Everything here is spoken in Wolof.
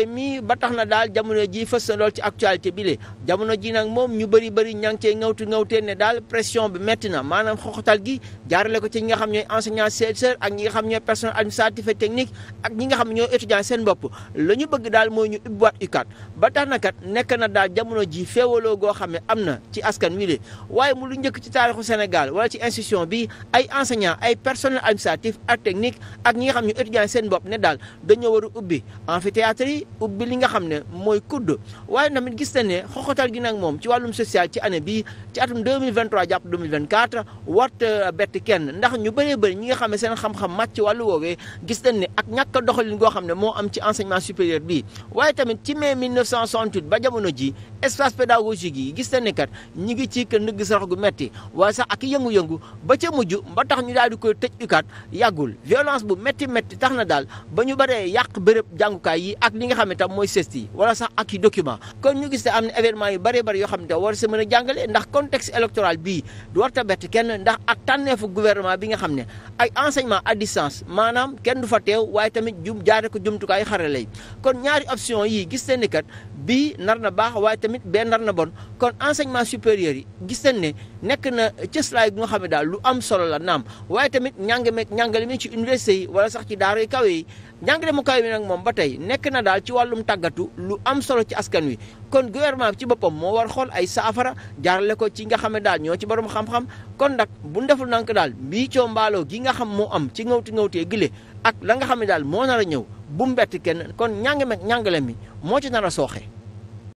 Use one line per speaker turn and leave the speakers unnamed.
mbay mi ba tax na daal jamono ji fës na lool ci actualité bi le jamono ji nag moom ñu bëri bëri ña ngi cee ŋawtu ŋawtee ne daal pression bi métti na maanaam xoxatal gi jaarale ko ci ñi nga xam ñooy enseignant chercheur ak ñi nga xam ñooy personnel administratif et technique ak ñi nga xam ñooy étudiant seen bopp la ñu bëgg daal mooy ñu ubbiwaat UCAD ba tax na kat nekk na daal jamono ji féewaloo goo xam ne am na ci askan wi le waaye mu lu njëkk ci taarixu Sénégal wala ci institution bi ay enseignant ay personnel administratif ak technique ak ñi nga xam ñooy étudiant seen bopp ne daal dañoo war a ubbi amphithéâtre yi ubbi li nga xam ne mooy kudd waaye tamit gis nañ ne xoxotal gi nag moom ci wàllum social ci année bii ci atum 2023 jàpp 2024 wart bett kenn ndax ñu bëree bëri ñi nga xam ne seen xam-xam màcc ci wàllu woowee gis nañ ne ak ñakk a doxalin goo xam ne moo am ci enseignement supérieur bi waaye tamit ci mai 1968 ba jamono ji espace pédagogique yi gis nañ ne kat ñi ngi ci ndëgg sarax gu metti waaye sax ak yëngu-yëngu ba ca mujj ba tax ñu daal di koy tëj ukat yàggul violence bu metti metti tax na daal ba ñu baree yàq bërëb xam ne tam mooy sest yi wala sax ak i document kon ñu gis am na événement yu bëree bëri yoo xam ne war sa mën a jàngale ndax contexte électoral bii du war ta bett kenn ndax ak tànneefu gouvernement bi nga xam ne ay enseignement à distance maanaam kenn du fa teew waaye tamit jum jaare ko jumtukaay xarala yi kon ñaari option yii gis te ni kat bii nar na baax waaye tamit bee nar na bon kon enseignement supérieur yi gis nañ ne nekk na cëslaay bu nga xam ne daal lu a solo la naam waaye tamit ñàng meeg ñàngale mi ci université yi wala njàngale mu kaw mi nag moom ba tey nekk na daal ci wàllum tàggatu lu am solo ci askan wi kon gouvernement ci boppam moo war xool ay saafara jaarle ko ci nga xam ne daal ñoo ci borom xam-xam kon nag bu ndeful nank daal mbii coo mbaaloo gi nga xam moo am ci ngawti ngawtee gile ak la nga xam daal moo nar a ñëw bu mbett kenn kon ñàng meg ñàngale mi moo ci nar a sooxe